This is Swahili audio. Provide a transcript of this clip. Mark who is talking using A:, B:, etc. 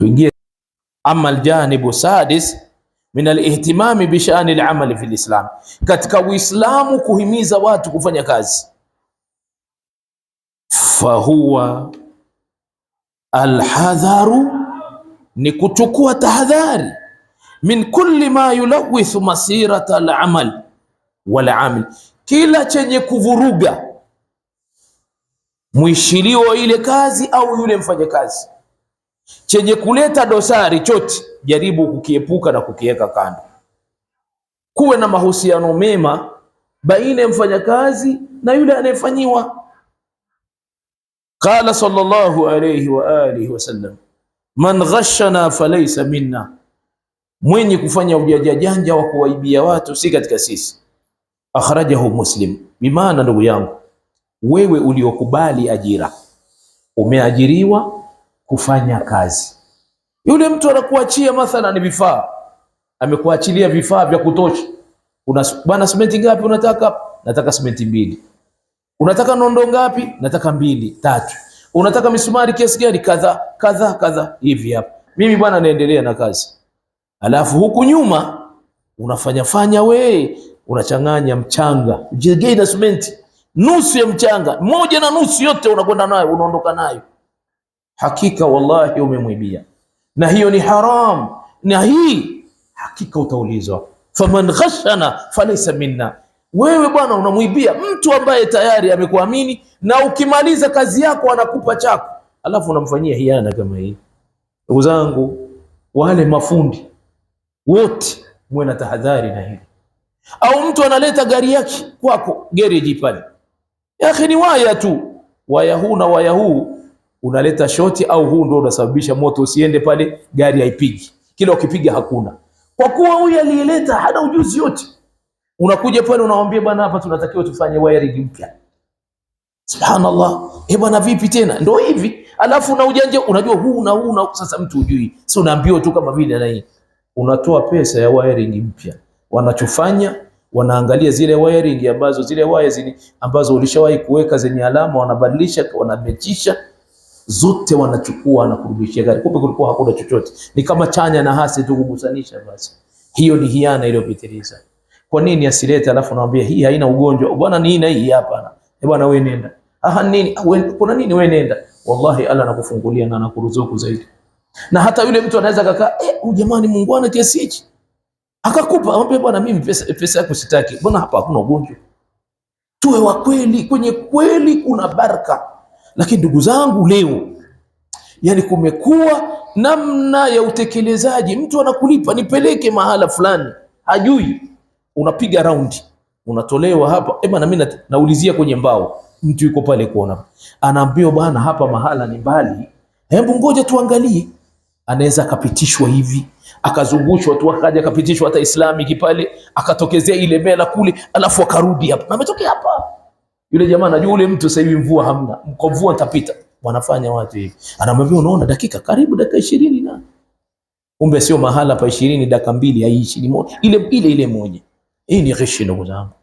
A: Tuingie ama aljanibu sadis min alihtimami bishani lamali fi lislam, katika Uislamu kuhimiza watu kufanya kazi. Fahuwa alhadharu, ni kuchukua tahadhari, min kulli ma yulawithu masirata alamal walamil, kila chenye kuvuruga mwishilio ile kazi au yule mfanyakazi chenye kuleta dosari chote, jaribu kukiepuka na kukiweka kando. Kuwe na mahusiano mema baina ya mfanyakazi na yule anayefanyiwa. Qala sallallahu alayhi wa alihi wasallam, man ghashana falaysa minna, mwenye kufanya janja wa kuwaibia watu si katika sisi. Akhrajahu Muslim. Bimaana, ndugu yangu, wewe uliokubali ajira, umeajiriwa kufanya kazi. Yule mtu anakuachia mathalan vifaa, amekuachilia vifaa vya kutosha. Una bwana, simenti ngapi unataka? Nataka simenti mbili. Unataka nondo ngapi? Nataka mbili tatu. Unataka misumari kiasi gani? Kadha kadha kadha, hivi hapa. Mimi bwana, naendelea na kazi, alafu huku nyuma unafanya fanya we, unachanganya mchanga, jegei na simenti, nusu ya mchanga moja na nusu, yote unakwenda nayo, unaondoka nayo hakika wallahi umemwibia, na hiyo ni haram, na hii hakika utaulizwa. Faman ghashana falaysa minna. Wewe bwana unamwibia mtu ambaye tayari amekuamini, na ukimaliza kazi yako anakupa chako, alafu unamfanyia hiana kama hii. Ndugu zangu, wale mafundi wote muwe na tahadhari na hili. Au mtu analeta gari yake kwako gereji pale, ya akhi, ni waya tu, waya huu na waya huu unaleta shoti au huu ndio unasababisha moto. Usiende pale gari haipigi, kila ukipiga hakuna, kwa kuwa huyu aliyeleta hana ujuzi yote. Unakuja pale unamwambia bwana, hapa tunatakiwa tufanye wiring mpya. Subhanallah, eh bwana, vipi tena? Ndio hivi, alafu na ujanja, unajua huu na huu na sasa, mtu hujui, si unaambiwa tu kama vile na hii. Unatoa pesa ya wiring mpya, wanachofanya wanaangalia zile wiring ambazo zile wires ambazo ulishawahi kuweka zenye alama, wanabadilisha wanamechisha zote wanachukua na kurudishia gari, kumbe kulikuwa hakuna chochote, ni kama chanya na hasi tu kugusanisha. Basi hiyo ni hiana iliyopitiliza. Kwa nini asilete? Alafu naambia hii haina ugonjwa bwana, ni ina hii hapa na e bwana, wewe nenda. Aha, nini ah, we, kuna nini? Wewe nenda, wallahi Allah anakufungulia na anakuruzuku zaidi. Na hata yule mtu anaweza kakaa, eh, ujamani, Mungu ana kiasi hichi akakupa, anambia bwana, mimi pesa pesa yako sitaki bwana, hapa hakuna ugonjwa. Tuwe wa kweli, kwenye kweli kuna baraka lakini ndugu zangu, leo yani kumekuwa namna ya utekelezaji, mtu anakulipa nipeleke mahala fulani, hajui, unapiga raundi, unatolewa hapa ema, na mimi naulizia kwenye mbao, mtu yuko pale kuona, anaambiwa bwana, hapa mahala ni mbali, hebu ngoja tuangalie anaweza akapitishwa hivi akazungushwa tu akaja akapitishwa hata Islami kipale akatokezea ile mela kule, alafu akarudi hapa na ametokea hapa. Yule jamaa anajua ule mtu sasa hivi mvua hamna. Kwa mvua nitapita. Wanafanya watu hivi. Anamwambia unaona dakika karibu dakika 20 na. Kumbe sio mahala pa 20 dakika mbili haiishi ni moja. Ile ile ile moja. Hii ni ghishi ndugu zangu.